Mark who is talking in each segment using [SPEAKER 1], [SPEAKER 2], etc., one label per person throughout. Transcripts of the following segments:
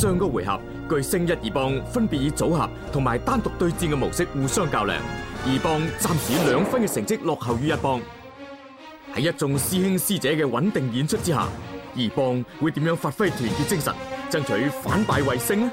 [SPEAKER 1] 上個回合，巨聲一二幫分別以組合同埋單獨對戰嘅模式互相較量，二幫暫時兩分嘅成績落後於一幫。喺一眾師兄師姐嘅穩定演出之下，二幫會點樣發揮團結精神，爭取反敗為勝呢？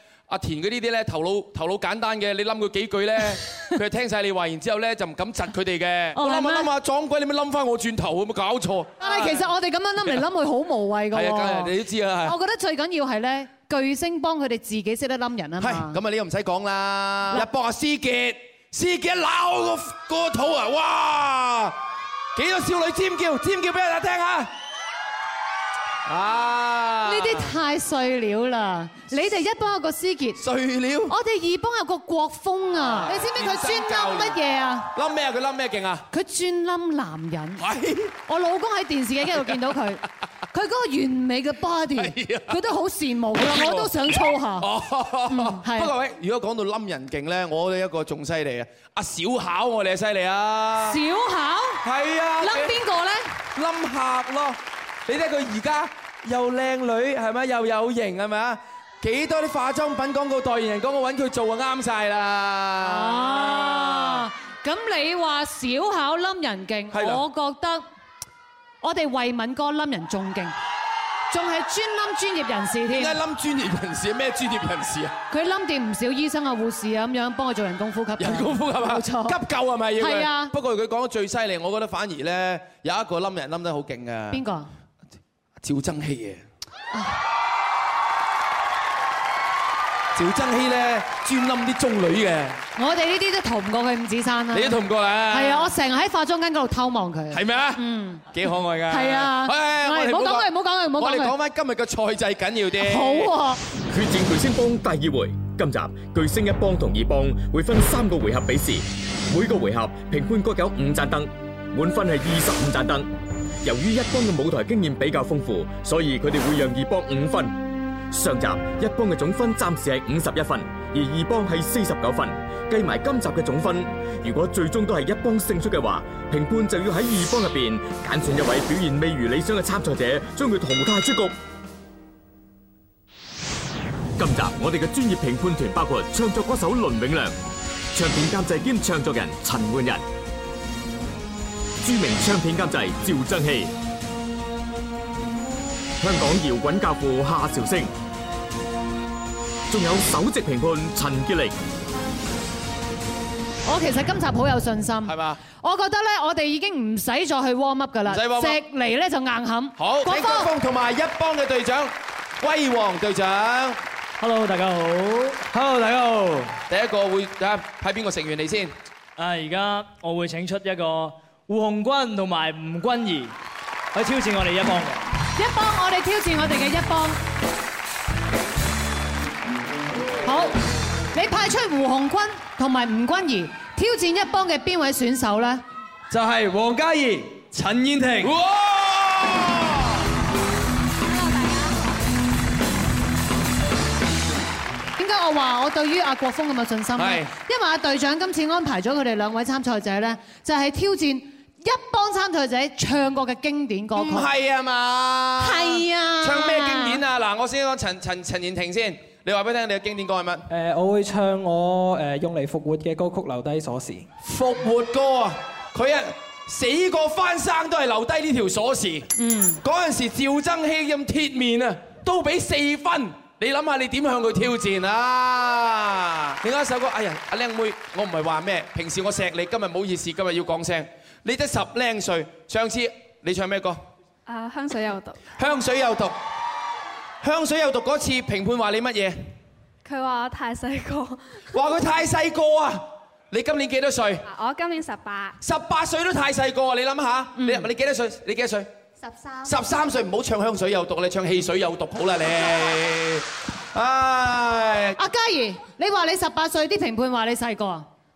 [SPEAKER 2] 阿田佢呢啲咧，頭腦頭腦簡單嘅，你冧佢幾句咧，佢就聽晒你話，然之後咧就唔敢窒佢哋嘅。我冧下，冧下撞鬼你咪冧翻我轉頭，有冇搞錯？但係其實
[SPEAKER 3] 我哋咁樣冧嚟冧去好無謂㗎。係啊，家人
[SPEAKER 2] 你都知啊。我
[SPEAKER 3] 覺得最緊要係咧，巨聲幫佢哋自己識得冧人啊嘛。係，
[SPEAKER 2] 咁啊你又唔使講啦。一幫阿思傑，思傑撈個個肚啊！哇，幾多少女尖叫尖叫俾大家聽下。啊！呢啲太碎
[SPEAKER 3] 了啦！你哋一幫有個思傑，碎了。我哋二幫有個國風啊！你
[SPEAKER 2] 知唔知佢專冧乜嘢啊？冧咩啊？佢冧咩勁啊？佢
[SPEAKER 3] 專冧男人。係。我老公喺電視機度見到佢，佢嗰個完美嘅 body，佢都好羨慕噶，我都想操下。
[SPEAKER 2] 係。不過各位，如果講到冧人勁咧，我哋有一個仲犀利啊！阿小巧我哋係犀利啊！小巧。係啊。冧邊個咧？冧客咯！你睇佢而家。又靚女係咪？又有型係咪啊？幾多啲化妝品廣告代言人講，我揾佢做啊，啱晒啦！啊！
[SPEAKER 3] 咁你話小巧冧人勁，我覺得我哋慧敏哥冧人仲勁，仲係專冧專業人士添。點解冧
[SPEAKER 2] 專業人士？咩專業人士啊？
[SPEAKER 3] 佢冧掂唔少醫生啊、護士啊，咁樣幫佢做人工呼吸。
[SPEAKER 2] 人工呼吸啊！冇錯，急救係咪要？係啊！不過佢講得最犀利，我覺得反而咧有一個冧人冧得好勁嘅。邊個？趙增熹嘅，趙增熹咧專冧啲中女嘅，
[SPEAKER 3] 我哋呢啲都逃唔過佢五指山啦，你都逃唔過啦。係啊，我成日喺化妝間嗰度偷望佢，
[SPEAKER 2] 係咪啊？嗯，
[SPEAKER 1] 幾可愛㗎，係
[SPEAKER 2] 啊，唔好講佢，唔好講佢，唔好講佢。我哋講返今日嘅賽制緊要啲，好啊！
[SPEAKER 1] 決戰巨聲幫第二回，今集巨聲一幫同二幫會分三個回合比試，每個回合評判各有五盞燈，滿分係二十五盞燈。由於一幫嘅舞台經驗比較豐富，所以佢哋會讓二幫五分。上集一幫嘅總分暫時係五十一分，而二幫係四十九分。計埋今集嘅總分，如果最終都係一幫勝出嘅話，評判就要喺二幫入邊揀選一位表現未如理想嘅參賽者，將佢淘汰出局。今集我哋嘅專業評判團包括唱作歌手倫永亮、唱片監製兼唱作人陳奐仁，著名唱片監製趙增熹，香港搖滾教父夏韶聲，仲有首席評判陳潔靈。
[SPEAKER 3] 我其實今集好有信心，係嘛？我覺得咧，我哋已經唔使再去 warm up 噶啦，直嚟咧就硬冚。
[SPEAKER 2] 好，請高峰同埋一幫嘅隊長，威王隊長。Hello，大家好。Hello，大家好。第一個會，大家派邊個
[SPEAKER 1] 成員嚟先？啊，而家我會請出一個。胡鴻鈞同埋吳筠怡去挑戰我哋一幫，一幫我哋挑戰我哋嘅一幫。
[SPEAKER 3] 好，你派出胡鴻鈞同埋吳筠怡挑戰一幫嘅邊位選手咧？
[SPEAKER 2] 就係王嘉儀、陳彥
[SPEAKER 3] 廷。哇！大家好！點解我話我對於阿國峰咁有信心咧？因為阿隊長今次安排咗佢哋兩位參賽者咧，就係挑戰。一幫參賽仔唱
[SPEAKER 2] 過嘅經典歌曲，唔係啊嘛，係啊，唱咩經典啊？嗱，我先講陳陳陳彥廷先，你話俾我聽，你嘅經典歌係乜？
[SPEAKER 1] 誒，我會唱我誒用嚟復活嘅歌曲，留低鎖匙。
[SPEAKER 2] 復活歌啊，佢啊死過翻生都係留低呢條鎖匙。嗯，嗰陣時趙增熹咁鐵面啊，都俾四分。你諗下，你點向佢挑戰啊？另一首歌，哎呀，阿靚妹，我唔係話咩，平時我錫你，今日冇意思，今日要講聲。你得十零歲，上次你唱咩歌？
[SPEAKER 4] 啊，香水有毒。
[SPEAKER 2] 香水有毒。香水有毒嗰次評判話你乜嘢？
[SPEAKER 5] 佢話我太細個。
[SPEAKER 2] 話佢太細個啊！你今年幾多歲？
[SPEAKER 5] 我今年十八。
[SPEAKER 2] 十八歲都太細個啊！你諗下，你你幾多歲？你幾多歲？十三。十三歲唔好唱香水有毒，你唱汽水有毒好啦你。
[SPEAKER 3] 阿嘉儀，你話你十八、啊、歲，啲評判話你細個啊。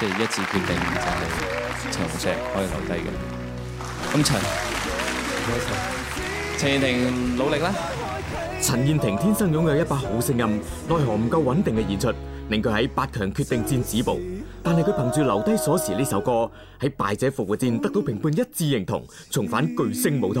[SPEAKER 6] 即、就、係、是、一次決定，就係、是、長石可以留低嘅。咁
[SPEAKER 1] 陳，陳彥廷努力啦！陳彥廷天生擁有一把好聲音，奈何唔夠穩定嘅演出，令佢喺八強決定戰止步。但係佢憑住留低鎖匙呢首歌，喺敗者復活戰得到評判一致認同，重返巨聲舞台。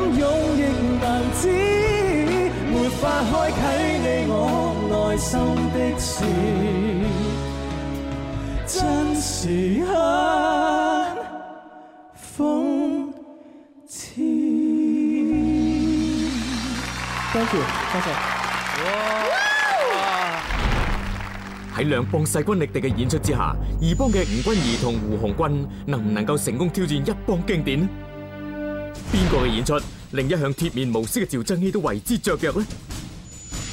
[SPEAKER 7] 多謝 thank you, thank you.Yeah. Wow. Wow.，多 謝。哇！
[SPEAKER 1] 喺兩幫勢均力敵嘅演出之下，二幫嘅吳筠怡同胡鴻鈞能唔能夠成功挑戰一幫經典？邊個嘅演出令一向鐵面無私嘅趙增熹都為之雀躍呢？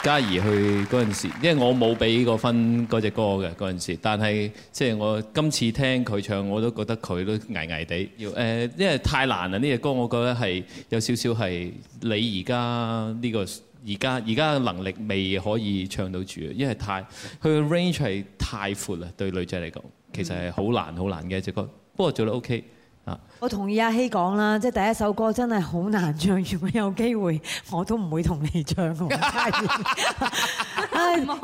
[SPEAKER 6] 嘉儀去嗰陣時，因為我冇俾過分嗰隻歌嘅嗰陣時，但係即係我今次聽佢唱，我都覺得佢都捱捱地，要誒，因為這太難啦呢隻歌，我覺得係有少少係你而家呢個而家而家嘅能力未可以唱到住，因為太佢嘅 range 係太闊啦，對女仔嚟講，其實係好難好難嘅一隻歌，不過做得 OK。
[SPEAKER 8] 我同意阿希講啦，即係第一首歌真係好難唱。如果有機會，我都唔會同你唱。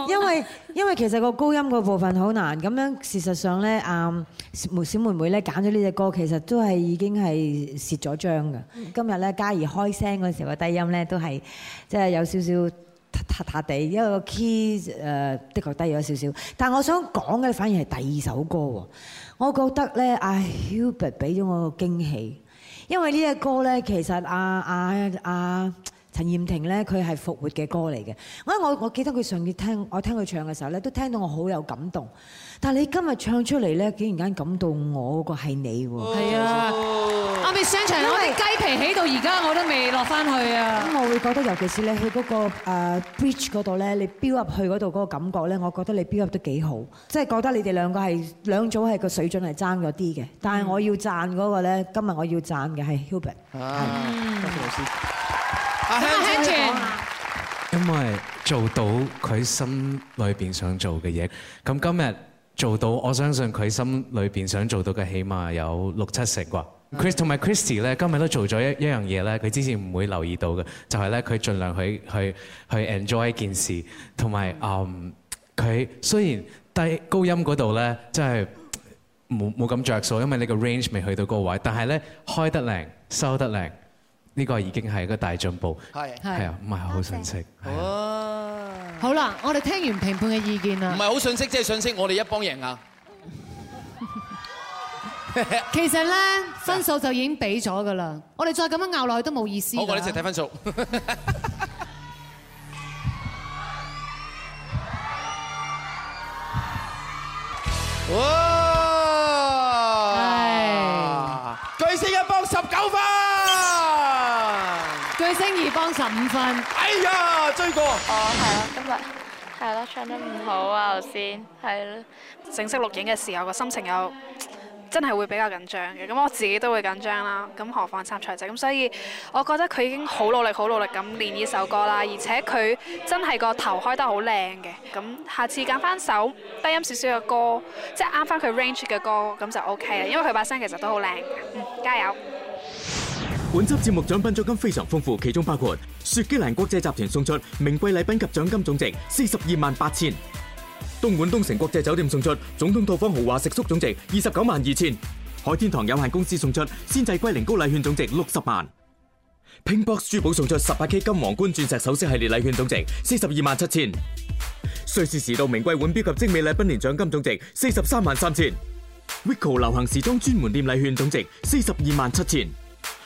[SPEAKER 8] 因為因為其實個高音個部分好難。咁樣事實上呢，啊小小妹妹呢揀咗呢隻歌，其實都係已經係蝕咗章嘅。今日呢，嘉儀開聲嗰時個低音呢都係即係有少少塌塌地，因為個 key 誒的確低咗少少。但係我想講嘅反而係第二首歌喎。我覺得咧，阿 Hubert 俾咗我個驚喜，因為呢一首歌咧，其實啊啊。啊啊陳彥廷咧，佢係復活嘅歌嚟嘅。我我我記得佢上次聽我聽佢唱嘅時候咧，都聽到我好有感動。但係你今日唱出嚟咧，竟然間感到我個係你喎、oh。係、oh、啊
[SPEAKER 3] 阿 miss you。我啲雞皮起到而家
[SPEAKER 8] 我都未落翻去啊。咁我會覺得，尤其是那你去嗰個 bridge 嗰度咧，你飈入去嗰度嗰個感覺咧，我覺得你飈入得幾好。即係覺得你哋兩個係兩組係個水準係爭咗啲嘅。但係我要讚嗰、那個咧，今日我要讚嘅係 Hubert、oh。多
[SPEAKER 4] 謝，謝老師。
[SPEAKER 1] 因為做到佢心裏邊想做嘅嘢，咁今日做到，我相信佢心裏邊想做到嘅，起碼有六七成啩。Chris 同埋 Kristy 咧，今日都做咗一一樣嘢咧，佢之前唔會留意到嘅，就係咧佢儘量去去去 enjoy 一件事，同埋嗯佢雖然低高音嗰度咧，真係冇冇咁着數，因為你個 range 未去到高位，但係咧開得靚，收得靚。呢個已經係一個大進步，係係啊，唔係好信息。
[SPEAKER 3] 哦，好啦，我哋聽完評判嘅意見啦。
[SPEAKER 2] 唔係好信息，即係信息。我哋一幫贏啊！
[SPEAKER 3] 其實咧，分數就已經俾咗噶啦。我哋再咁樣拗落去都冇意思。好，我哋一齊睇分
[SPEAKER 2] 數。 五分，哎呀，追過哦，
[SPEAKER 4] 係咯，今日係咯，唱得唔好啊，頭先係咯。
[SPEAKER 5] 正式錄影嘅時候，個心情又真係會比較緊張嘅，咁我自己都會緊張啦，咁何況參賽者咁，所以我覺得佢已經好努力，好努力咁練呢首歌啦，而且佢真係個頭開得好靚嘅，咁下次揀翻首低音少少嘅歌，即係啱翻佢 range 嘅歌，咁就 OK 啦，因為佢把聲其實都好靚嘅，嗯，加油。
[SPEAKER 1] 本輯節目獎品獎金非常豐富，其中包括雪肌蘭國際集團送出名貴禮品及獎金總值四十二萬八千；東莞東城國際酒店送出總統套房豪華食宿總值二十九萬二千；海天堂有限公司送出先製龜苓膏禮券總值六十萬；Pinkbox 珠寶送出十八 K 金皇冠鑽石首飾系列禮券總值四十二萬七千；瑞士時度名貴腕錶及精美禮品連獎金總值四十三萬三千；Waco 流行時裝專門店禮券總值四十二萬七千。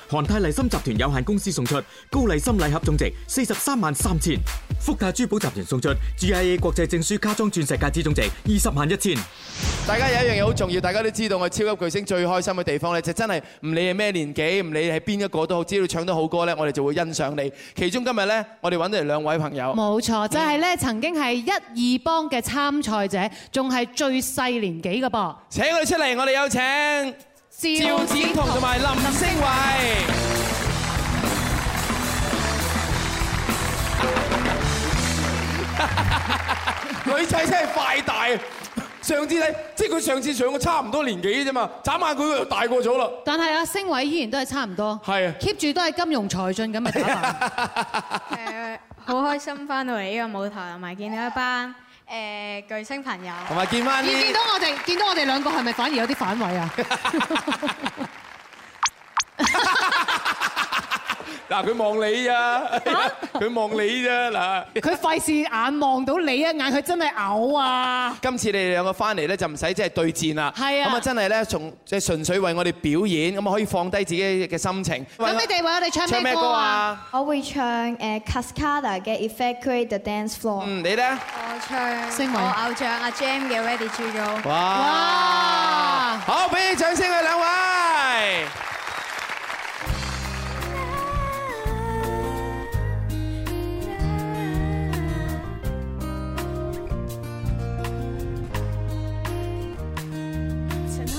[SPEAKER 1] 韓泰麗心集團有限公司送出高麗心禮盒總值四十三萬三千，福大珠寶集團送出 GIA 國際證書加裝鑽石戒指總值二十萬一千。
[SPEAKER 2] 大家有一樣嘢好重要，大家都知道我超級巨星最開心嘅地方咧，就是，真係唔理係咩年紀，唔理係邊一個都好，只要唱得好歌咧，我哋就會欣賞你。其中今日咧，我哋揾到嚟兩位朋友，冇
[SPEAKER 3] 錯就係、是、咧、嗯、曾經係一二幫嘅參賽者，仲係最
[SPEAKER 2] 細年紀噶噃，請佢出嚟，我哋有請。趙展彤同埋林星偉，女仔真係快大。上次你即係佢上次上個差唔多年紀啫嘛，眨下佢又大過咗啦。
[SPEAKER 3] 但係阿星偉依然都係差唔多，keep 住都係金融才俊咁咪誒，好
[SPEAKER 5] 開心翻到嚟呢個舞台，同埋見到一班。.誒、呃、巨聲朋友，同埋見翻你見
[SPEAKER 2] 到我
[SPEAKER 3] 哋，見到我哋兩個係咪反而有啲反胃啊？
[SPEAKER 2] 嗱佢望你呀，佢望你啫嗱，佢費事眼望到你一眼，佢真係嘔啊！今次你哋兩個翻嚟咧就唔使即係對戰啦，係啊，咁啊真係咧從即係純粹為我哋表演，咁啊可以放低自己嘅心情。
[SPEAKER 5] 咁你哋為我哋唱咩歌啊？我會唱誒 Cascada 嘅
[SPEAKER 2] Evacuate the Dancefloor。嗯，你咧？我
[SPEAKER 4] 唱我偶像阿
[SPEAKER 2] Jam
[SPEAKER 9] 嘅
[SPEAKER 2] Ready to Go。哇！好，俾啲掌聲佢兩位。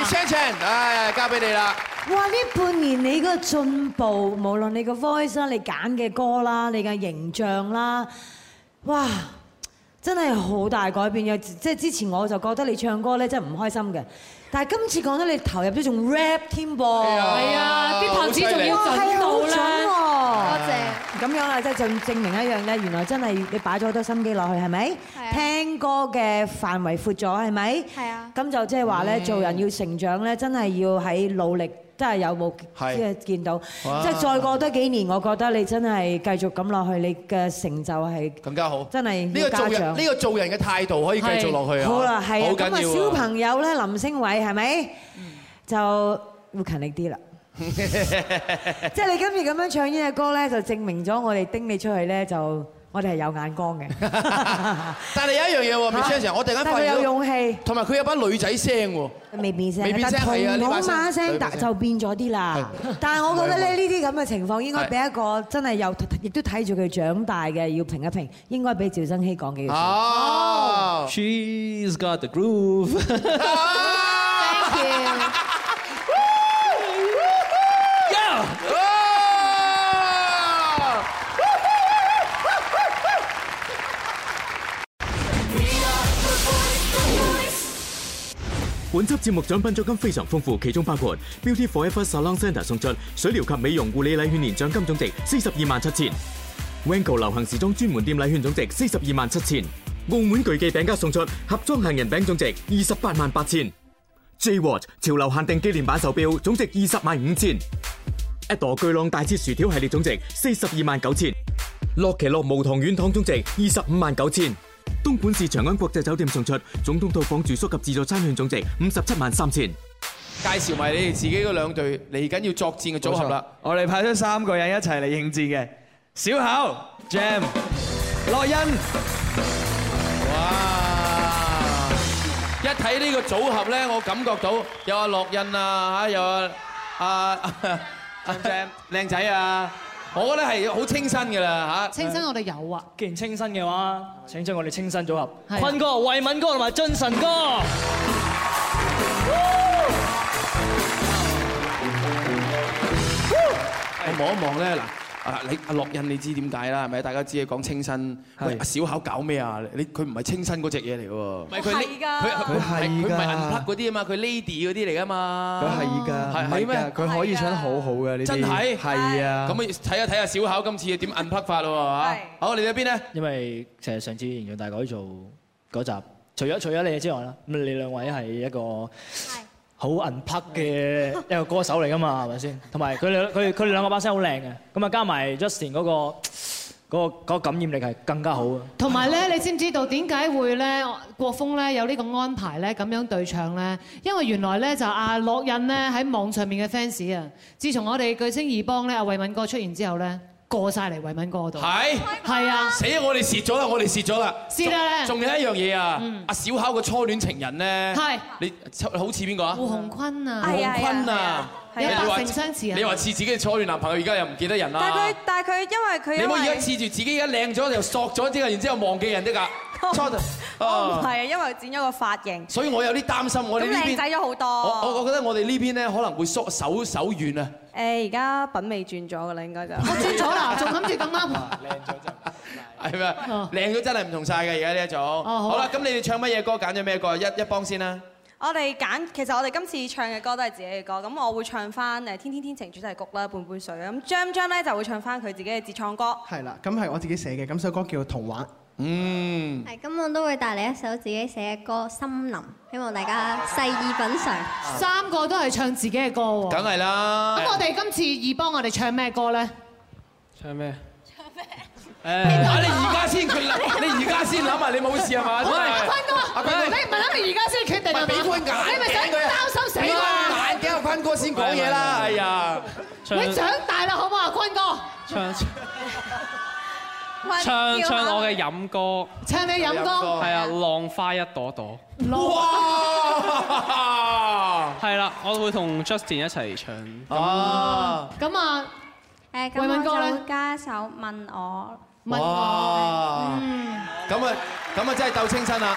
[SPEAKER 8] Stephen，唉，交俾你啦！哇，呢半年你嗰個進步，無論你個 voice 啦，你揀嘅歌啦，你嘅形象啦，哇！真係好大改變嘅，即係之前我就覺得你唱歌咧真係唔開心嘅，但係今次講得你投入咗仲 rap 添噃，係啊，啲拍子仲要好準喎，多謝，咁樣啦，即係就證明一樣咧，原來真係你擺咗好多心機落去，係咪？聽歌嘅範圍闊咗，係咪？係啊，咁就即係話咧，做人要成長咧，真係要喺努力。真係有冇嘅見到，即係再過多幾年，我覺得你真係繼續咁落去，你嘅成就係更加好，真係呢個做人呢個做人嘅態度可以繼續落去啊！好啦，係啊，咁啊，小朋友咧，林星偉係咪就會勤力啲啦？即係你今次咁樣唱呢隻歌咧，就證明咗我哋叮你出去咧就。我哋係有眼光嘅，
[SPEAKER 2] 但係有一樣嘢喎，Michelle，我突然間發現，佢有勇氣，
[SPEAKER 8] 同埋佢有把女仔聲喎，未變聲，未變聲，係啊，呢排聲就變咗啲啦。但係我覺得咧，呢啲咁嘅情況應該俾一個真係又亦都睇住佢長大嘅要評一評，應該俾趙增熹講幾句。
[SPEAKER 10] She's got the groove。
[SPEAKER 1] 本輯節目獎品獎金非常豐富，其中包括 Beauty Forever Salon Centre 送出水療及美容護理禮券，年獎金總值四十二萬七千；Wanko 流行時裝專門店禮券總值四十二萬七千；澳門巨記餅家送出盒裝杏仁餅總值二十八萬八千；J Watch 潮流限定紀念版手錶總值二十萬五千；Adore 巨浪大切薯條系列總值四十二萬九千；樂奇樂無糖軟糖總值二十五萬九千。東莞市長安國際酒店送出總統套房住宿及自助餐券總值五十七萬三千。
[SPEAKER 2] 介紹埋你哋自己嗰兩隊嚟緊要作戰嘅組合啦，我哋派出三個人一齊嚟應戰嘅，小巧 Jam、烙印。哇！一睇呢個組合咧，我感覺到有阿烙印啊，吓，有阿阿阿 Jam 靚仔啊。我覺得係好清新嘅啦，清新我哋有啊。既然清新嘅話，請出我哋清新組合，坤哥、慧敏哥同埋俊晨哥。我望一望咧，嗱。啊，你阿烙印你知點解啦？係咪？大家知你講清新喂，阿小巧搞咩啊？你佢唔係清新嗰
[SPEAKER 1] 隻嘢嚟嘅喎，
[SPEAKER 2] 唔係佢係佢係佢係銀拍嗰啲啊嘛，佢 lady 嗰啲嚟啊嘛，佢係
[SPEAKER 1] 㗎，係㗎，佢可以唱得好好嘅，你真係係啊，咁
[SPEAKER 2] 啊睇下睇下小巧今次點銀拍法咯嚇。好，嚟呢邊咧？因為就係上次《形象大改造》
[SPEAKER 1] 嗰集，除咗除咗你之外啦，咁你兩位係一個好銀魄嘅一個歌手嚟噶嘛，係咪先？同埋佢哋佢佢兩個把聲好靚嘅，咁啊加埋 Justin 嗰個嗰感染力係更加好。
[SPEAKER 3] 同埋咧，你知唔知道點解會咧國峰咧有呢個安排咧咁樣對唱咧？因為原來咧就阿烙印咧喺網上面嘅 fans 啊，自從我哋巨聲二幫咧阿慧敏哥出現之後咧。過晒嚟慧敏哥度，係係啊！
[SPEAKER 2] 死啊！我哋蝕咗啦！我哋蝕咗啦！仲仲有一樣嘢啊！阿小巧嘅初戀情人咧，係你好似邊個啊？胡鴻
[SPEAKER 3] 坤啊，
[SPEAKER 2] 胡鴻坤啊，你啊，相似，你話似自己嘅初戀男朋友，而家又唔記得人啦。但係佢，
[SPEAKER 5] 但係佢因為佢，你冇而家似
[SPEAKER 2] 住自己而家靚咗又索咗之後，然之後忘記人啲㗎？錯，係
[SPEAKER 5] 因為剪咗個髮型，所以
[SPEAKER 2] 我有啲擔心。我哋呢邊，靚仔咗
[SPEAKER 5] 好多。我我覺
[SPEAKER 2] 得我哋呢邊咧可能會縮手手軟啊。
[SPEAKER 5] 誒，而家品味轉咗㗎啦，應該就嗎嗎。我轉咗啦，仲諗住咁啱。靚咗
[SPEAKER 2] 真係，係咪？靚咗真係唔同晒嘅，而家呢一種了好了。好啦，咁你哋唱乜嘢歌？揀咗咩歌？一一幫先啦。
[SPEAKER 5] 我哋揀，其實我哋今次唱嘅歌都係自己嘅歌，咁我會唱翻誒天天天晴主題曲啦，半杯水啦。咁張張咧就會唱翻佢自己嘅自
[SPEAKER 11] 創歌，係啦，咁係我自己寫嘅，咁首歌叫童話。嗯，係，
[SPEAKER 5] 咁我都會帶嚟一
[SPEAKER 3] 首自己寫嘅歌森林，希望大家細意品嚐。三個都係唱
[SPEAKER 2] 自己嘅歌喎，梗係啦。咁我哋
[SPEAKER 3] 今次易幫我哋唱咩歌咧？
[SPEAKER 2] 唱咩？唱咩？誒，你而家先諗，你而家先諗啊！你冇事係嘛？喂。等你而家先決定啊解？你咪等佢收心死嘛！戴鏡啊，坤哥先講嘢啦！哎
[SPEAKER 11] 呀，
[SPEAKER 2] 你長
[SPEAKER 3] 大啦，好唔好啊，坤哥？唱唱唱我嘅
[SPEAKER 11] 飲歌、嗯。唱你飲歌。係啊，浪花一朵朵，朵。哇！係啦，我會同 Justin 一齊唱。哦。
[SPEAKER 5] 咁啊，誒，慧敏哥咧，加一首問，問我，
[SPEAKER 2] 問我。咁啊，咁啊，真係鬥清新啦！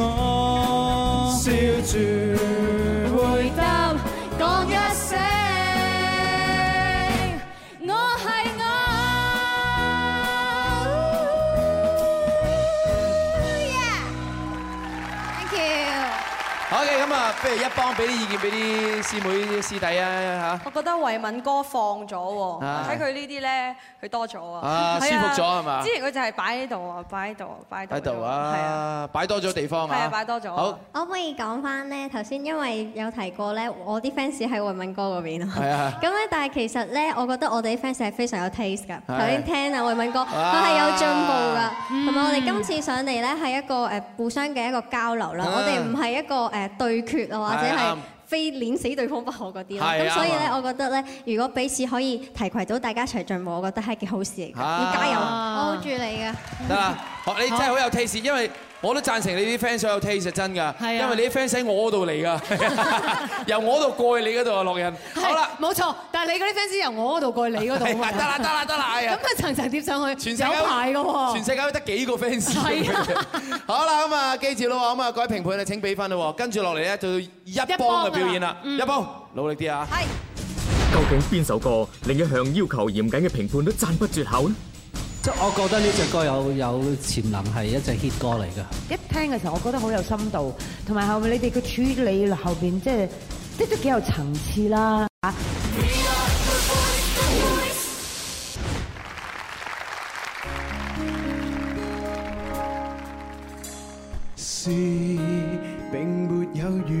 [SPEAKER 2] 一幫俾啲意見俾啲師妹師弟啊嚇！我覺得慧
[SPEAKER 5] 敏哥放咗喎，睇佢呢啲咧，佢多咗啊，舒服咗係嘛？之前佢就係擺喺度啊，擺喺度，擺喺度啊，係啊，
[SPEAKER 2] 擺多咗地方啊，係啊，擺多咗。
[SPEAKER 5] 好，可唔可以講翻咧？頭先因為有提過咧，我啲 fans 喺慧敏哥嗰邊咯，係啊。咁咧，但係其實咧，我覺得我哋啲 fans 係非常有 taste 噶。頭先聽啊慧敏哥，佢係有進步㗎，同埋我哋今次上嚟咧係一個誒互相嘅一個交流啦，我哋唔係一個誒對決啊。或者係非碾死對方不可嗰啲啦，咁所以咧，我覺得咧，如果彼此可以提攜到大家一齊進步，我覺得係一件好事嚟㗎。要加油，我好 hold 住你嘅。
[SPEAKER 2] 得啦，好，你真係好有 taste，因為。我都贊成你啲 fans 有 taste，係真㗎，因為你啲 fans 喺我嗰度嚟㗎，由我嗰度過去你嗰度啊，烙印。
[SPEAKER 3] 好啦，冇錯，但係你
[SPEAKER 2] 嗰啲 fans 由我嗰度過去你嗰度。得啦，得啦，得啦，係啊。咁啊，層層疊上去，有排㗎喎，全世界都得幾個 fans。係啊。好啦，咁啊，記住啦，咁啊，各位評判，你請俾分啦。跟住落嚟咧，就一幫嘅表演啦，一幫，努
[SPEAKER 1] 力啲啊。係。究竟邊首歌令一向要求嚴謹嘅評判都讚不絕口呢？即係我覺得呢隻歌有有潛能係一隻 hit 歌嚟嘅。
[SPEAKER 8] 一聽嘅時候，我覺得好有深度，同埋後面你哋嘅處理後邊，即係即都幾有層次啦嚇。
[SPEAKER 7] 是並沒有。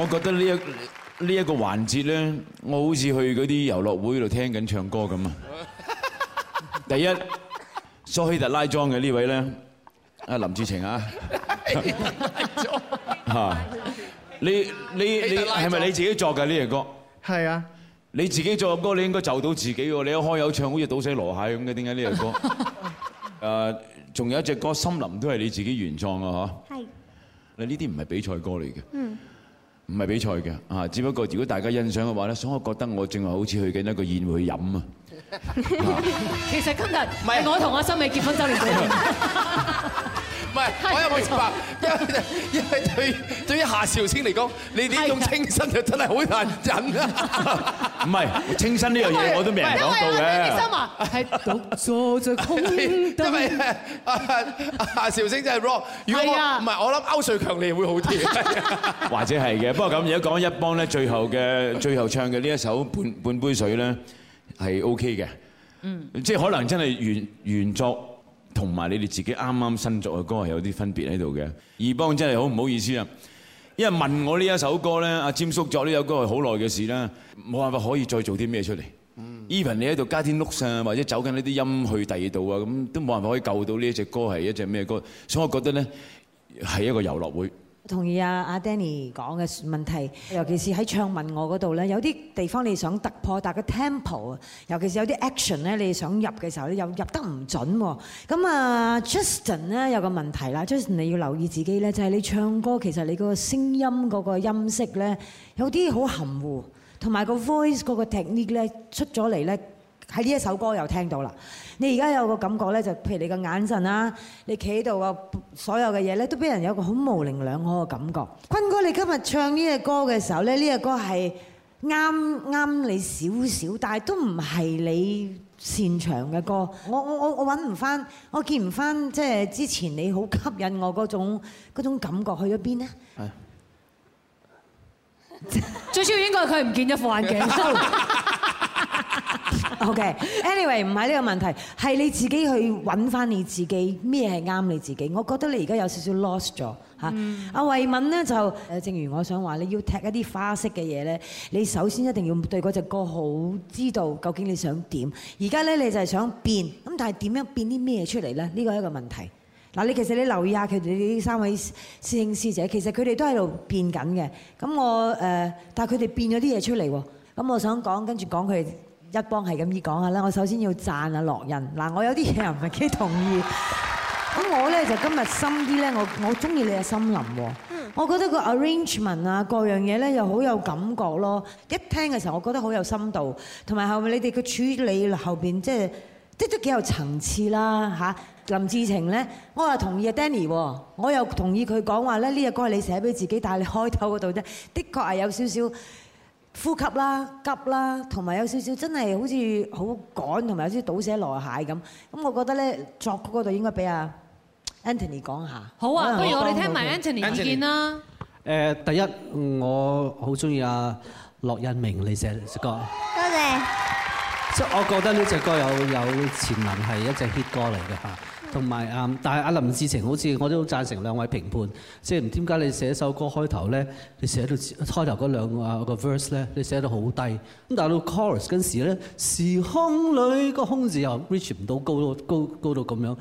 [SPEAKER 12] 我覺得呢一呢一個環節咧，我好似去嗰啲遊樂會度聽緊唱歌咁啊！第一，蘇希特拉莊嘅呢位咧，阿林志晴啊，嚇你你你係咪你自己作嘅呢隻歌？係啊，你自己作嘅歌，你應該就到自己喎。你一開口唱好似倒瀉籮蟹咁嘅，點解呢隻歌？誒，仲有一隻歌《森林》都係你自己原創啊！嚇，係你呢啲唔係比賽歌嚟嘅。嗯。唔係比賽嘅，啊！只不過，如果大家欣賞嘅話咧，所以我覺得我正係好似去緊一個宴會去飲啊。
[SPEAKER 2] 其實今日唔係我同阿周美結婚周年紀念日，唔係，我又冇錯。因為因為對對，於夏韶聲嚟講，你呢種清新就真係好難忍啊！
[SPEAKER 12] 唔係清新呢樣嘢，我都未講到嘅。因為
[SPEAKER 2] 醫生話獨坐在空等，因為夏韶聲真係 rock。如果我唔係我諗歐瑞強你會好啲，
[SPEAKER 12] 或者係嘅。不過咁而家講一幫咧，最後嘅最後唱嘅呢一首半半杯水咧。係 OK 嘅，嗯，即係可能真係原原作同埋你哋自己啱啱新作嘅歌係有啲分別喺度嘅。二幫真係好唔好意思啊，因為問我呢一首歌咧，阿詹叔作呢首歌係好耐嘅事啦，冇辦法可以再做啲咩出嚟。Even 你喺度加啲碌 o 或者走緊呢啲音去第二度啊，咁都冇辦法可以救到呢一隻歌係一隻咩歌，所以我覺得咧係一個遊樂會。
[SPEAKER 8] 同意啊，阿 Danny 講嘅問題，尤其是喺唱問我嗰度咧，有啲地方你想突破，但個 tempo 啊，尤其是有啲 action 咧，你想入嘅時候，你又入得唔準喎。咁啊，Justin 咧有個問題啦，Justin 你要留意自己咧，就係你唱歌其實你個聲音嗰個音色咧，有啲好含糊，同埋個 voice 嗰個 technique 咧出咗嚟咧。喺呢一首歌又聽到啦，你而家有個感覺咧，就譬如你個眼神啦，你企喺度個所有嘅嘢咧，都俾人有個好模棱兩可嘅感覺。坤哥，你今日唱呢隻歌嘅時候咧，呢隻歌係啱啱你少少，但係都唔係你擅長嘅歌，我我我我我揾唔翻，我，我見唔翻，即係之前你好吸引我嗰種，嗰種感覺去咗邊呢？
[SPEAKER 3] 係。
[SPEAKER 8] 最主要應該係佢唔見咗副眼鏡。O.K. Anyway，唔係呢個問題，係你自己去揾翻你自己咩係啱你自己。自己我覺得你而家有少少 lost 咗嚇。阿慧敏呢，就誒，正如我想話，你要踢一啲花式嘅嘢呢，你首先一定要對嗰隻歌好知道究竟你想點。而家呢，你就係想變咁，但係點樣變啲咩出嚟呢？呢個係一個問題。嗱，你其實你留意下佢哋呢三位師兄師姐，其實佢哋都喺度變緊嘅。咁我誒，但係佢哋變咗啲嘢出嚟喎。咁我想講，跟住講佢。一幫係咁樣講下啦，我首先要讚阿樂人，嗱，我有啲嘢又唔係幾同意。咁我咧就今日深啲咧，我我中意你嘅森林喎，我覺得個 arrangement 啊、各樣嘢咧又好有感覺咯。一聽嘅時候，我覺得好有深度，同埋後面你哋嘅處理後邊，即係即係都幾有層次啦嚇。林志程咧，我又同意阿 Danny，我又同意佢講話咧，呢個歌係你寫俾自己，但係你開頭嗰度啫，的確係有少少。呼吸啦，急啦，同埋有少少真係好似好趕，同埋有少少倒瀉籮蟹咁。咁我覺得咧，作曲嗰度應該俾阿 Anthony 講下好。好啊，不如我哋聽埋 Anthony 嘅意見啦。
[SPEAKER 10] 誒，第一，我好中意阿駱胤鳴呢隻歌。
[SPEAKER 8] 多謝。即
[SPEAKER 10] 係我覺得呢隻歌有有潛能係一隻 hit 歌嚟嘅嚇。同埋但係阿林志晴好似我都好贊成兩位評判，即係唔點解你寫首歌開頭咧，你寫到開頭嗰兩個 verse 咧，你寫到好低，咁但係到 chorus 嗰時咧，時空裏個空字又 reach 唔到高到高高到咁樣。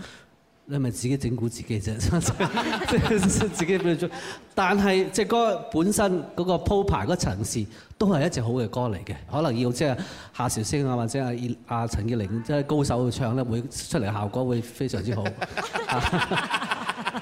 [SPEAKER 10] 你咪自己整蠱自己啫，即 係自己變做。但係隻歌本身嗰、嗰個鋪排嗰層次都係一隻好嘅歌嚟嘅。可能要即係夏韶聲啊，或者阿阿陳潔靈即係高手去唱咧，會出嚟效果會非常之好。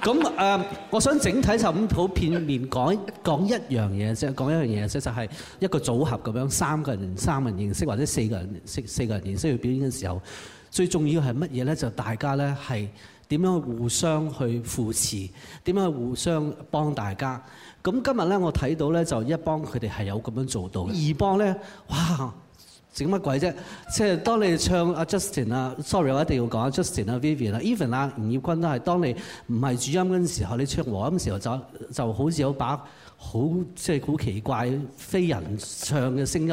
[SPEAKER 10] 咁誒，我想整體就咁好片面講講一樣嘢啫，講一樣嘢即就係一個組合咁樣三個人、三個人形式，或者四個人認識、四個人形式去表演嘅時候，最重要係乜嘢咧？就是、大家咧係。點樣互相去扶持？點樣互相幫大家？咁今日咧，我睇到咧，就一幫佢哋係有咁樣做到，二幫咧，哇！整乜鬼啫？即係當你唱 Justin 啊 ，sorry，我一定要講 Justin 啊、Vivian 啊、Even 啊、吳業坤都係，當你唔係主音嗰陣時候，你唱和音的時候就就好似有把。好即係好奇怪，非人唱嘅聲音，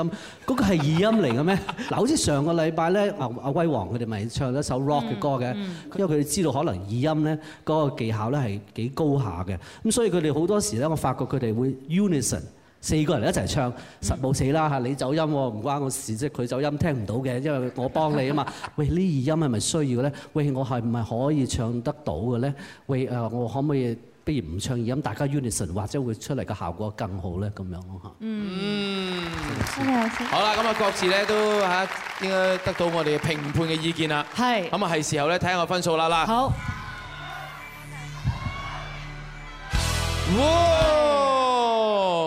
[SPEAKER 10] 嗰個係二音嚟嘅咩？嗱，好似上個禮拜咧，阿阿威王佢哋咪唱咗一首 rock 嘅歌嘅，因為佢哋知道可能二音咧嗰個技巧咧係幾高下嘅，咁所以佢哋好多時咧，我發覺佢哋會 unison 四個人一齊唱，實冇死啦嚇，你走音喎，唔關我事即係，佢走音聽唔到嘅，因為我幫你啊嘛。喂，呢二音係咪需要咧？喂，我係唔係可以唱得到嘅咧？喂，誒，我可唔可以？不如唔唱耳音，大家 unison 或者會出嚟嘅效果更好咧，咁樣
[SPEAKER 2] 咯嚇。嗯，好啦，咁啊，各自咧都嚇應該得到我哋嘅評判嘅意見啦。係，咁啊，係時候咧睇下個分數啦啦。好。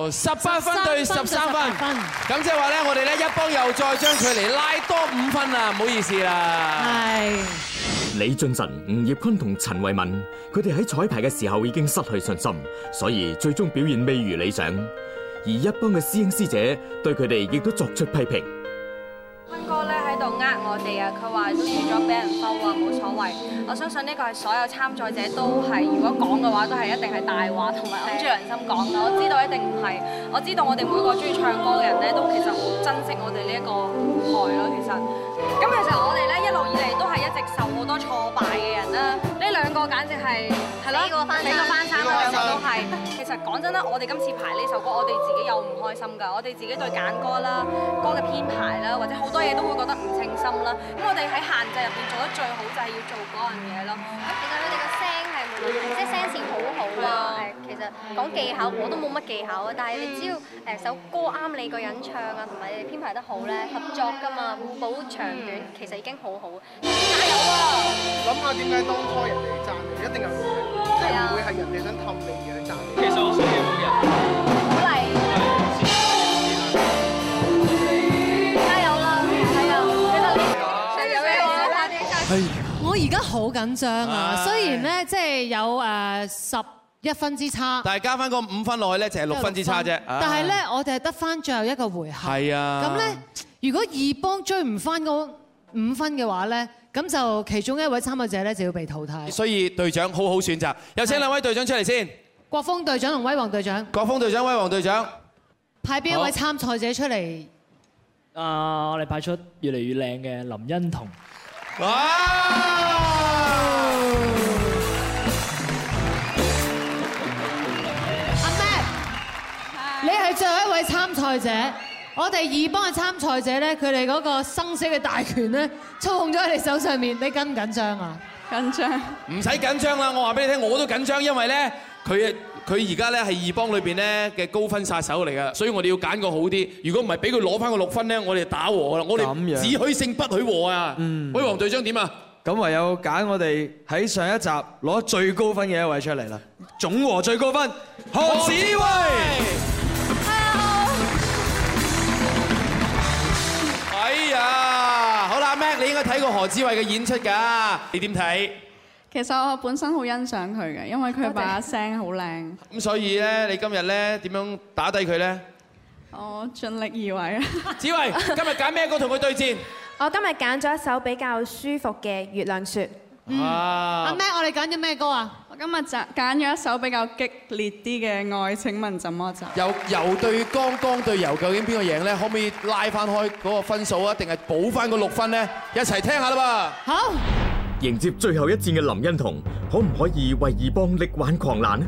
[SPEAKER 2] 十八分對十三分，咁即係話咧，我哋咧一幫又再將距離拉多
[SPEAKER 1] 五分啊，唔好意思啦。係。李俊晨、吳業坤同陳慧敏，佢哋喺彩排嘅時候已經失去信心，所以最終表現未如理想，而一幫嘅師兄師姐對佢哋亦都作出批評。
[SPEAKER 5] 呃我哋啊，佢話都預咗俾人收啊，冇所謂。我相信呢個係所有參賽者都係，如果講嘅話都係一定係大話同埋暗住良心講講。的我知道一定唔係，我知道我哋每個中意唱歌嘅人咧，都其實好珍惜我哋呢一個舞台咯。其實
[SPEAKER 9] 咁其實我哋咧一路以嚟都係一
[SPEAKER 5] 直受好多挫敗嘅人啦。呢兩個簡直係，係啦，幾個翻生啊，兩個都係。 其實講真啦，我哋今次排呢首歌，我哋自己有唔開心噶，我哋自己對揀歌啦、歌嘅編排啦，或者好多嘢都會覺得唔稱心啦。咁我哋喺限制入邊做得最好就係要做嗰樣嘢咯。其實佢哋嘅聲係，即係聲線好好啊。其實講技巧我都冇乜技巧啊，但係你只要誒首歌啱你個人唱啊，同埋你編排得好咧，合作㗎嘛，互補
[SPEAKER 7] 長短，其實已經好好。加油啊！諗下點解當初人哋讚你，一定係真嘅，即係唔會係人哋想氹你。
[SPEAKER 3] 其實我需要啲人鼓勵，加油啦！加油！係啊，我而家好緊張啊！雖然咧，即係有誒十一分之差，
[SPEAKER 2] 但係加翻個五分落去咧，就係六分之差啫。但係咧，
[SPEAKER 3] 我哋係得翻最後一個回
[SPEAKER 2] 合。係啊，咁咧，
[SPEAKER 3] 如果二幫追唔翻嗰五分嘅話咧，咁就其中一位參與者咧就要被淘汰。
[SPEAKER 2] 所以隊長好好選擇，有請兩位隊長出嚟先。
[SPEAKER 3] 國峰隊長同威王隊長，
[SPEAKER 2] 國峰隊長、威王隊長，
[SPEAKER 3] 派邊一位參賽者出嚟？
[SPEAKER 2] 啊，我哋派出越嚟越
[SPEAKER 5] 靚嘅林欣彤。啊！
[SPEAKER 3] 阿 Matt，你係最後一位參賽者，我哋二幫嘅參賽者咧，佢哋嗰個生死嘅大權咧，操控咗喺你手上面，你緊唔緊張啊？緊張。
[SPEAKER 2] 唔使緊張啦，我話俾你聽，我都緊張，因為咧。佢啊，佢而家咧係二幫裏面咧嘅高分殺手嚟㗎，所以我哋要揀個好啲。如果唔係，俾佢攞翻個六分咧，我哋就打和啦。我哋只許勝不許和啊！喂，王隊長點啊？咁唯有揀我哋喺上一集攞最高分嘅一位出嚟啦。總和最高分，何紫慧。Hello 哎呀，好啦，Mac，你應該睇過何紫慧嘅演出㗎，你點睇？其實我本身
[SPEAKER 4] 好欣賞佢嘅，因為佢把聲好靚。
[SPEAKER 2] 咁所以咧，你今日咧點樣打低佢咧？
[SPEAKER 4] 我盡力而為
[SPEAKER 2] 啊！紫慧，今日揀咩歌同佢對戰？
[SPEAKER 5] 我今日揀咗一首比較舒服嘅《月亮說》。
[SPEAKER 2] 啊！
[SPEAKER 5] 阿咩，我哋揀咗咩歌啊？我今日就揀咗一首比較激烈啲嘅《愛》，請問怎麼走？由
[SPEAKER 2] 由對剛剛對由，究竟邊個贏咧？可唔可以拉翻開嗰個分數啊？定係補翻個
[SPEAKER 1] 六分咧？一齊聽下啦噃！好。迎接最後一戰嘅林欣彤，可唔可以為二幫力挽狂瀾呢？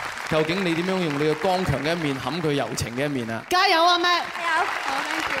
[SPEAKER 2] 究竟你點樣用你嘅剛強嘅一面冚佢柔情嘅一面啊！
[SPEAKER 3] 加油啊，咪！加油！好，謝謝。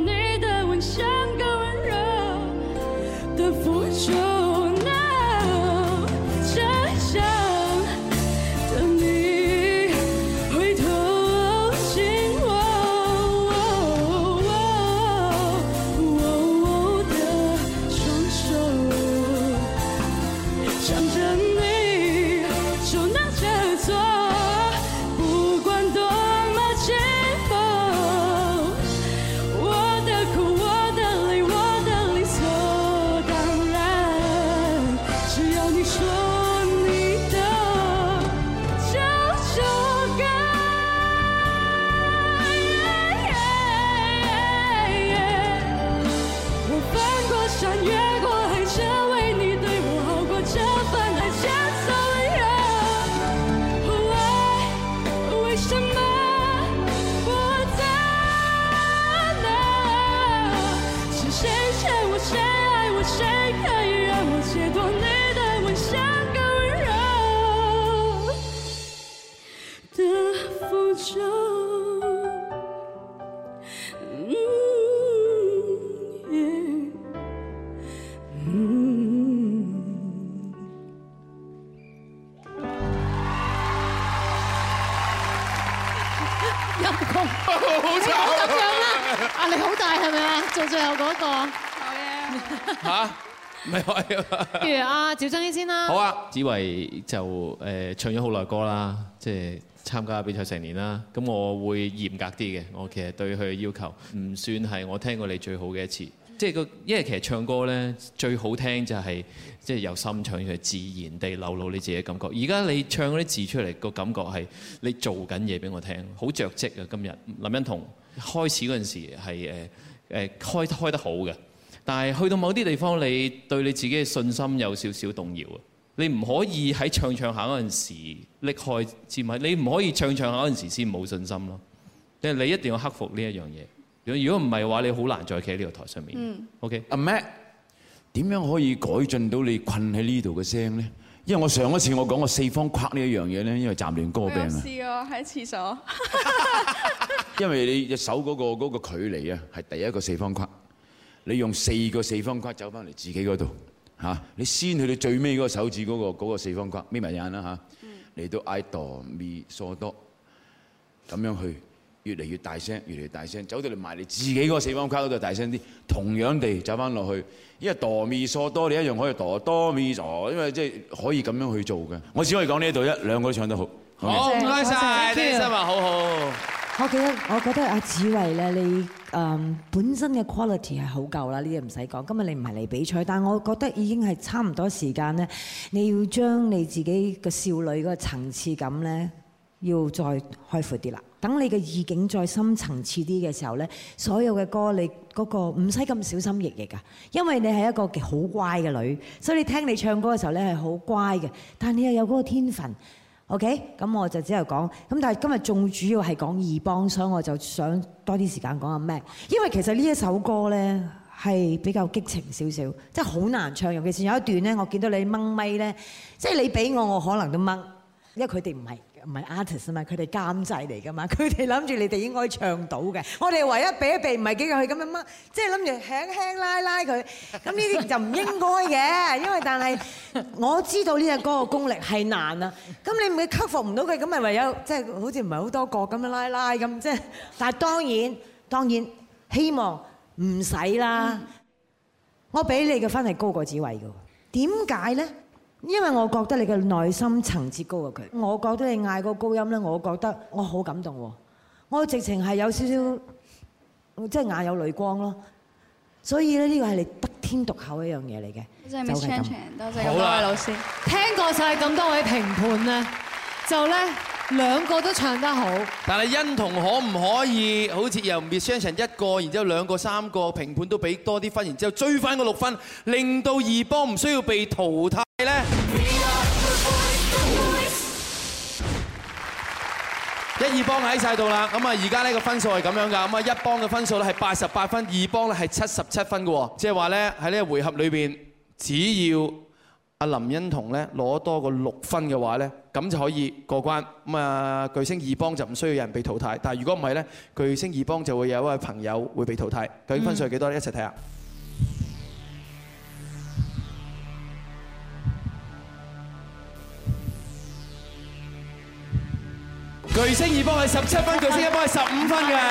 [SPEAKER 6] 做最後嗰個嘢？
[SPEAKER 3] 咪慧啊，譬如阿趙增熹先啦，好啊。
[SPEAKER 6] 紫慧就唱咗好耐歌啦，即係參加比賽成年啦。咁我會嚴格啲嘅，我其實對佢要求唔算係我聽過你最好嘅一次。即係個，因為其實唱歌咧，最好聽就係即係由心唱，佢自然地流露你自己感覺。而家你唱嗰啲字出嚟個感覺係你做緊嘢俾我聽，好着跡啊！今日林欣彤開始嗰陣時係誒開開得好嘅，但係去到某啲地方，你對你自己嘅信心有少少動搖啊！你唔可以喺唱唱下嗰陣時甩開支麥，你唔可以唱唱下嗰陣時先冇信心咯。即係你一定要克服呢一樣嘢。如果唔係嘅話，你好難再企喺呢個台上面。
[SPEAKER 12] 嗯。OK。阿 Matt，點樣可以改進到你困喺呢度嘅聲咧？因為我上一次我講過四方框呢一樣嘢咧，因為暫定過病啊。
[SPEAKER 4] 我有試喺廁所。
[SPEAKER 12] 因為你隻手嗰個嗰個距離啊，係第一個四方框。你用四個四方框走翻嚟自己嗰度嚇，你先去到最尾嗰個手指嗰個四方框，眯埋眼啦嚇。你都嗌 do mi so do，咁樣去越嚟越大聲，越嚟越大聲，走到嚟埋你自己嗰四方框嗰度大聲啲。同樣地走翻落去，因為 do mi so do，你一樣可以 do do mi so，因為即係可以咁樣去做嘅。我只可以講呢度一兩個都唱得好。好唔該晒。啲心話好好。
[SPEAKER 8] 我記得，我覺得阿紫慧咧，你誒本身嘅 quality 係好夠啦，呢啲唔使講。今日你唔係嚟比賽，但我覺得已經係差唔多時間咧，你要將你自己嘅少女嗰個層次感咧，要再開闊啲啦。等你嘅意境再深層次啲嘅時候咧，所有嘅歌你嗰個唔使咁小心翼翼㗎，因為你係一個好乖嘅女，所以你聽你唱歌嘅時候咧係好乖嘅，但你又有嗰個天分。OK，咁我就只有講咁。但係今日仲主要係講二幫，所以我就想多啲時間講下咩，因為其實呢一首歌咧係比較激情少少，即係好難唱。尤其是有一段咧，我見到你掹咪咧，即係你俾我，我可能都掹，因為佢哋唔係。唔係 artist 啊嘛，佢哋監製嚟噶嘛，佢哋諗住你哋應該唱到嘅。我哋唯一避一避，唔係幾個去咁樣掹，即係諗住輕輕拉拉佢。咁呢啲就唔應該嘅，因為但係我知道呢隻歌嘅功力係難啊。咁你唔會克服唔到佢，咁咪唯有即係好似唔係好多個咁樣拉拉咁即係。但係當然當然希望唔使啦。我俾你嘅分係高過紫慧嘅，點解咧？因為我覺得你嘅內心層次高過佢。我覺得你嗌個高音咧，我覺得我好感動喎。我直情係有少少，即係眼有淚光咯。所以咧，呢個係你得天獨厚一樣嘢嚟嘅。多謝 Michelle，
[SPEAKER 4] 多謝咁多位老
[SPEAKER 8] 師，聽過晒
[SPEAKER 3] 咁多位評判咧，就咧兩個都唱得好。
[SPEAKER 2] 但係欣彤可唔可以好似由 Michelle 一個，然之後兩個三個評判都俾多啲分，然之後追翻個六分，令到二幫唔需要被淘汰。一二幫喺晒度啦。咁啊，而家呢個分數係咁樣噶。咁啊，一幫嘅分數咧係八十八分，二幫咧係七十七分嘅喎。即係話咧喺呢個回合裏邊，只要阿林欣彤咧攞多個六分嘅話咧，咁就可以過關。咁啊，巨聲二幫就唔需要有人被淘汰。但係如果唔係咧，巨聲二幫就會有一位朋友會被淘汰。究竟分數係幾多咧？一齊睇下。巨聲二幫係十七分，巨聲一幫係十五分嘅。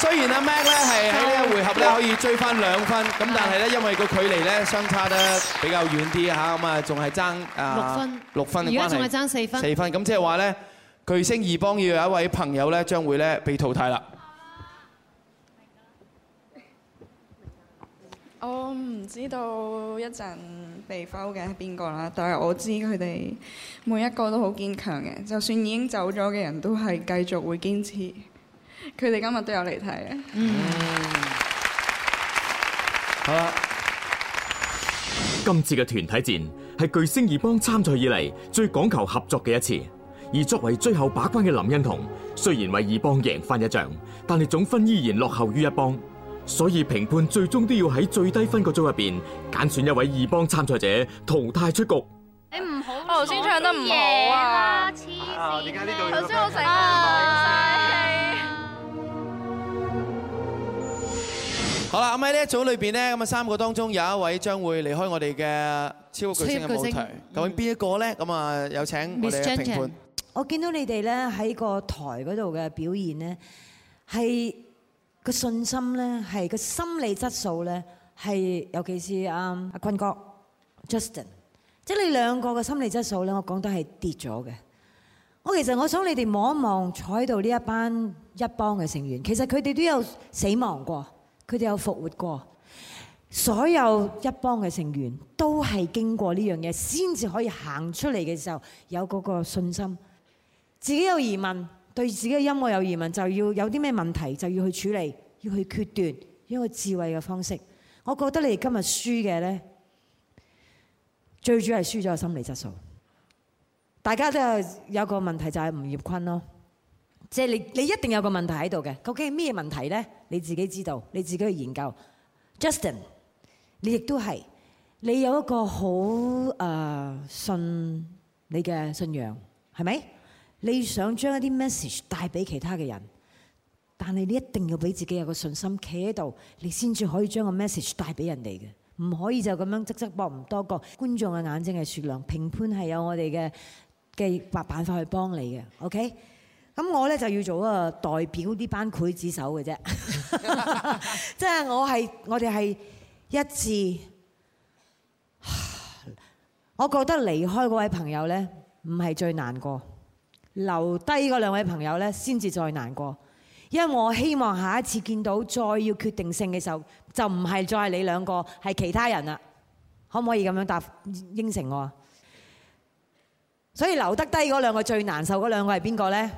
[SPEAKER 2] 雖然阿 Max 咧係喺呢一回合咧可以追翻兩分，咁但係咧，因為個距離咧相差得比較遠啲嚇，咁啊仲係爭六分，六分而家仲係爭四分。四分，咁即係話咧，巨聲二幫要有一位朋友咧將會咧被淘汰啦。
[SPEAKER 4] 我唔知道一陣。被淘汰嘅係邊個啦？但係我知佢哋每一個都好堅強嘅，就算已經走咗嘅人都係繼續會堅持。佢哋今日都有嚟睇啊！
[SPEAKER 9] 嗯，
[SPEAKER 1] 好啦，今次嘅團體戰係巨聲二幫參賽以嚟最講求合作嘅一次。而作為最後把關嘅林欣彤，雖然為二幫贏翻一仗，但係總分依然落後於一幫。所以評判最終都要喺最低分個組入邊揀選一位二幫參賽者淘汰出局，你不。
[SPEAKER 4] 你唔好頭先唱得唔好啊，黐線！啊，點解呢度要分啊？
[SPEAKER 2] 好啦，咁喺呢組裏邊呢，咁啊三個當中有一位將會離開我哋嘅超級巨聲嘅舞台，究竟邊一個咧？咁啊，有請我哋嘅評判。
[SPEAKER 8] 我見到你哋咧喺個台嗰度嘅表現呢，係。個信心咧，係個心理質素咧，係尤其是阿阿坤哥 Justin，即係你兩個嘅心理質素咧，我講得係跌咗嘅。我其實我想你哋望一望坐喺度呢一班一幫嘅成員，其實佢哋都有死亡過，佢哋有復活過。所有一幫嘅成員都係經過呢樣嘢，先至可以行出嚟嘅時候，有嗰個信心，自己有疑問，對自己嘅音樂有疑問，就要有啲咩問題，就要去處理，要去決斷，要一個智慧嘅方式。我覺得你哋今日輸嘅咧，最主要係輸咗個心理質素。大家都有一個問題就係、是、吳業坤咯，即係你你一定有一個問題喺度嘅。究竟係咩問題咧？你自己知道，你自己去研究 Justin。Justin，你亦都係，你有一個好誒、呃、信你嘅信仰，係咪？你想將一啲 message 帶俾其他嘅人，但係你一定要俾自己有個信心企喺度，你先至可以將個 message 帶俾人哋嘅。唔可以就咁樣即即搏唔多個觀眾嘅眼睛係雪亮，評判係有我哋嘅嘅法辦法去幫你嘅。OK，咁我咧就要做一個代表呢班劊子手嘅啫，即係我係我哋係一致。我覺得離開嗰位朋友咧，唔係最難過。留低嗰兩位朋友咧，先至再難過，因為我希望下一次見到，再要決定性嘅時候就是是，就唔係再係你兩個，係其他人啦。可唔可以咁樣答應承我？所以留得低嗰兩個最難受嗰兩個係邊個咧？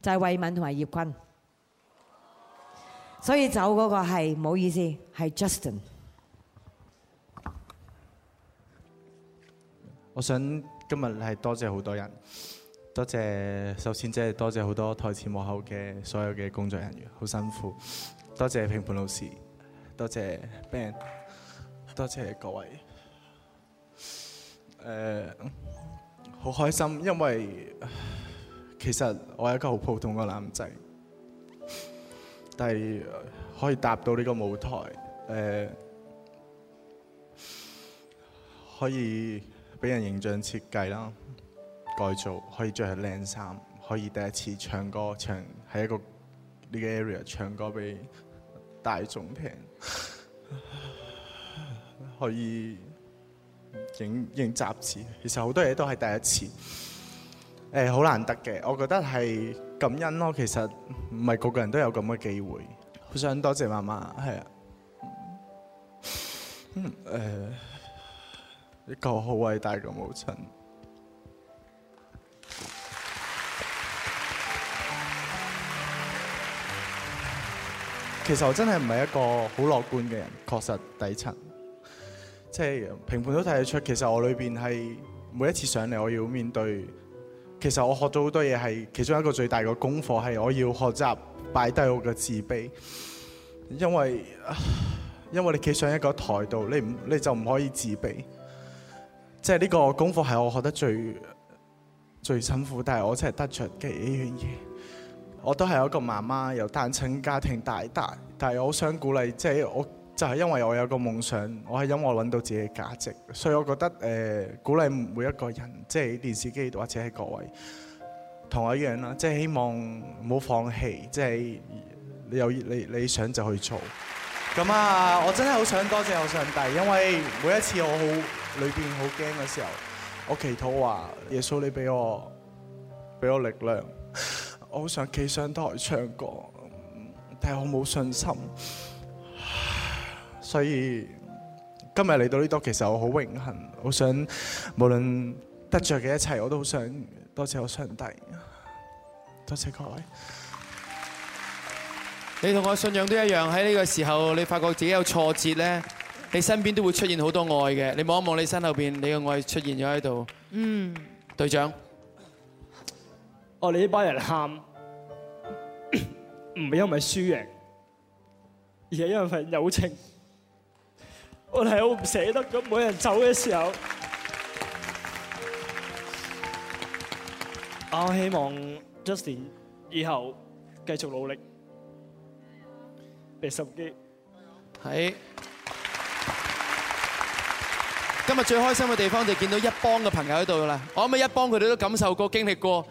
[SPEAKER 8] 就係慧敏同埋業坤。所以走嗰個係唔好意思，係 Justin。
[SPEAKER 13] 我想今日係多謝好多人。多謝，首先即係多謝好多台前幕後嘅所有嘅工作人員，好辛苦。多謝評判老師，多謝 band，多謝各位。誒，好開心，因為其實我係一個好普通嘅男仔，但係可以踏到呢個舞台，誒，可以俾人形象設計啦。改造可以着係靚衫，可以第一次唱歌唱喺一個呢個 area 唱歌俾大眾聽，可以影影雜誌。其實好多嘢都係第一次，誒，好難得嘅。我覺得係感恩咯。其實唔係個個人都有咁嘅機會很媽媽。好想多謝媽媽，係啊，誒，一個好偉大嘅母親。其實我真係唔係一個好樂觀嘅人，確實底層，即係評判都睇得出。其實我裏邊係每一次上嚟，我要面對。其實我學咗好多嘢，係其中一個最大嘅功課係我要學習擺低我嘅自卑，因為因為你企上一個台度，你唔你就唔可以自卑。即係呢個功課係我學得最最辛苦，但係我真係得出嘅呢樣嘢。我都係有一個媽媽由單親家庭大大，但係我好想鼓勵，即係我就係因為我有一個夢想，我係因為揾到自己嘅價值，所以我覺得誒鼓勵每一個人，即係電視機或者係各位同我一樣啦，即係希望唔好放棄，即係你有你你想就去做。咁啊，我真係好想多謝我上帝，因為每一次我好裏邊好驚嘅時候，我祈禱話：耶穌，你俾我俾我力量。我好想企上台唱歌，但係我冇信心，所以今日嚟到呢度，其實我好榮幸。我想無論得著嘅一切，我都好想多謝我上帝，多謝各位。你同我信仰都一樣，喺呢個時候，
[SPEAKER 2] 你發覺自己有挫折咧，你身邊都會出現好多愛嘅。你望一望你身後邊，你嘅愛出現咗喺度。嗯，隊長。我哋呢班人喊
[SPEAKER 1] 唔係因為輸贏，而係因為份友情。我哋好唔捨得咁每人走嘅時候，我希望 Justin 以後繼續努力。第十
[SPEAKER 2] 啲，今日最開心嘅地方就見到一幫嘅朋友喺度啦，我諗一幫佢哋都感受過、經歷過。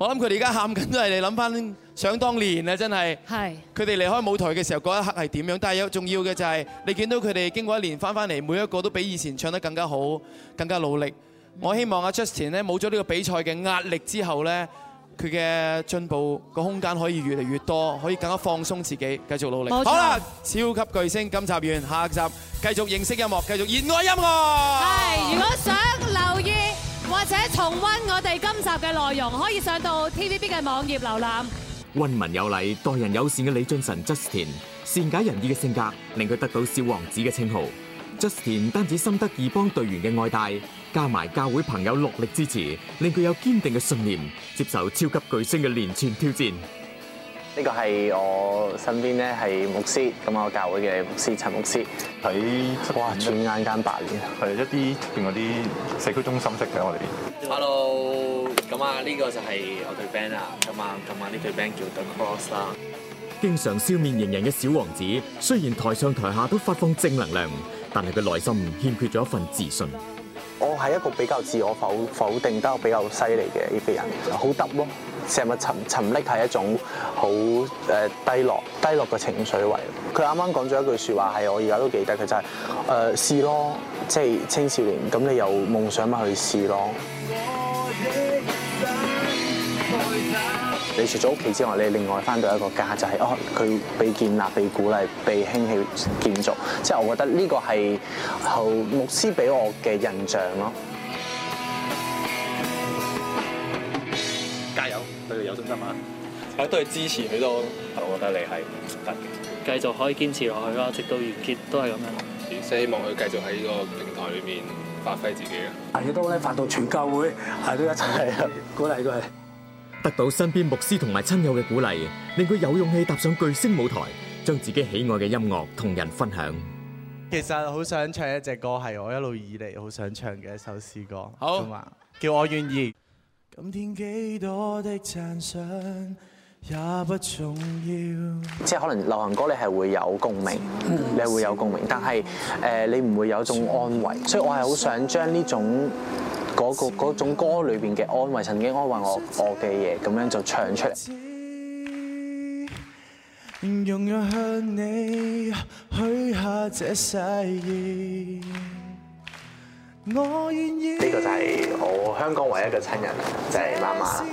[SPEAKER 2] 我諗佢哋而家喊緊都係你諗翻想當年啊，真係。係。佢哋離開舞台嘅時候嗰一刻係點樣？但係有重要嘅就係，你見到佢哋經過一年翻翻嚟，每一個都比以前唱得更加好，更加努力。我希望阿 Justin 咧，冇咗呢個比賽嘅壓力之後咧，佢嘅進步個空間可以越嚟越多，可以更加放鬆自己，繼續努力。冇錯。好啦，超級巨聲今集完，下集繼續認識音樂，繼續熱愛音樂。係，如果想
[SPEAKER 3] 留意。或者重溫我哋今集嘅內容，可以上到 TVB 嘅網頁瀏覽。
[SPEAKER 1] 溫文有禮、待人友善嘅李俊晨 Justin，善解人意嘅性格令佢得到小王子嘅稱號。Justin 唔單止深得二幫隊員嘅愛戴，加埋教會朋友落力支持，令佢有堅定嘅信念，接受超級巨聲嘅連串挑戰。
[SPEAKER 11] 呢個係我身邊咧，係牧師，咁我教會嘅牧師陳牧師喺。哇，轉眼間八年，係一啲變嗰啲社區中心式嘅我哋啲。Hello，咁啊呢個就係我對 band 啦，同埋同埋呢對 band 叫 The Cross 啦。
[SPEAKER 1] 經常笑面迎人嘅小王子，雖然台上台下都發放正能量，但係佢內心欠缺咗一份自信。
[SPEAKER 11] 我係一個比較自我否否定得比較犀利嘅呢個人，好揼咯。成日沉沉溺係一種好誒低落、低落嘅情緒嚟。佢啱啱講咗一句説話，係我而家都記得。佢就係、是、誒試咯，即、就、係、是、青少年咁，你有夢想咪去試咯。你除咗屋企之外，你另外返到一個家，就係哦，佢被建立、被鼓勵、被興起建築、建造。即係我覺得呢個係牧師俾我嘅印象咯。
[SPEAKER 1] 加油！
[SPEAKER 6] 對佢有信心啊！我都係支持佢都，我覺得你係得嘅。繼續可以
[SPEAKER 1] 堅持落去啦，直到完結都係咁樣。希望佢繼續喺呢個平台裏面發揮自己啊！越多咧，發到全教會，嗌到一齊鼓勵佢。得到身邊牧師同埋親友嘅鼓勵，令佢有勇氣踏上巨聲舞台，將自己喜愛嘅音樂同人分享。
[SPEAKER 13] 其實好想唱一隻歌，係我一路以嚟好想唱嘅一首詩歌，
[SPEAKER 11] 叫《我願意》。
[SPEAKER 13] 今天幾多的讚賞也不重要。
[SPEAKER 11] 即係可能流行歌你係會有共鳴，呃，你會有共鳴，但係誒你唔會有種安慰，所以我係好想將呢種嗰、嗰個嗰種歌裏邊嘅安慰，曾經安慰我我嘅嘢，咁樣就唱出
[SPEAKER 7] 嚟。容向你許下這誓言我願
[SPEAKER 11] 意。呢個就係我香港唯一嘅親人，就係、是、媽媽。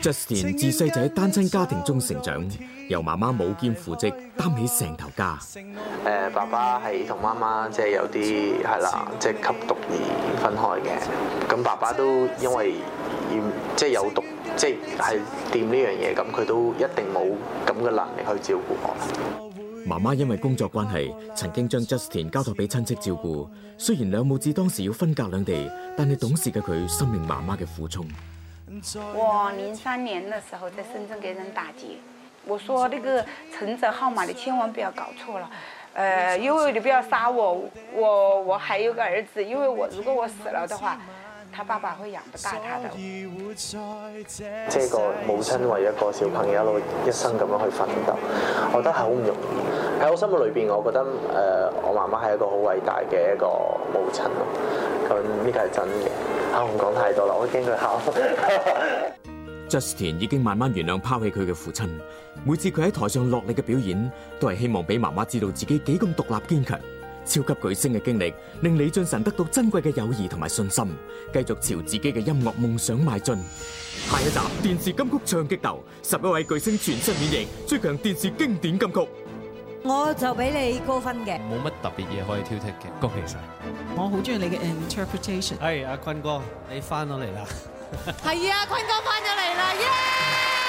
[SPEAKER 1] Justin 自細就喺單親家庭中成長，由媽媽母兼父職擔起成頭家。
[SPEAKER 11] 誒、呃，爸爸係同媽媽即係、就是、有啲係啦，即係、就是、吸毒而分開嘅。咁爸爸都因為要即係有毒，即係掂呢樣嘢，咁佢都一定冇咁嘅能力去照顧我。
[SPEAKER 1] 媽媽因為工作關係，曾經將 Justin 交託俾親戚照顧。雖然兩母子當時要分隔兩地，但係懂事嘅佢深明媽媽嘅苦衷。
[SPEAKER 5] 我零三年嘅時候在深圳給人打劫，我說：那個存折號碼你千萬不要搞錯了，
[SPEAKER 8] 呃，因為你不要殺我，我我還有個兒子，因為我如果我死了嘅話。爸爸會養唔大他的，即係
[SPEAKER 11] 個母親為一個小朋友一路一生咁樣去奮鬥，我覺得係好唔容易。喺我心目裏邊，我覺得誒，我媽媽係一個好偉大嘅一個母親咯。咁呢個係真嘅。啊，唔講太多啦，我驚佢喊。
[SPEAKER 1] Justin 已經慢慢原諒拋棄佢嘅父親，每次佢喺台上落力嘅表演，都係希望俾媽媽知道自己幾咁獨立堅強。超級巨星嘅經歷令李俊晨得到珍貴嘅友誼同埋信心，繼續朝自己嘅音樂夢想邁進。下一集電視金曲唱激鬥，十一位巨星全新演繹最強電視經典金曲。
[SPEAKER 8] 我就俾你高分嘅，
[SPEAKER 1] 冇乜特別嘢可以挑剔嘅。恭喜晒！
[SPEAKER 8] 我好中意你嘅 interpretation。
[SPEAKER 10] 係阿坤哥，你翻咗嚟啦！
[SPEAKER 8] 係阿坤哥翻咗嚟啦！耶！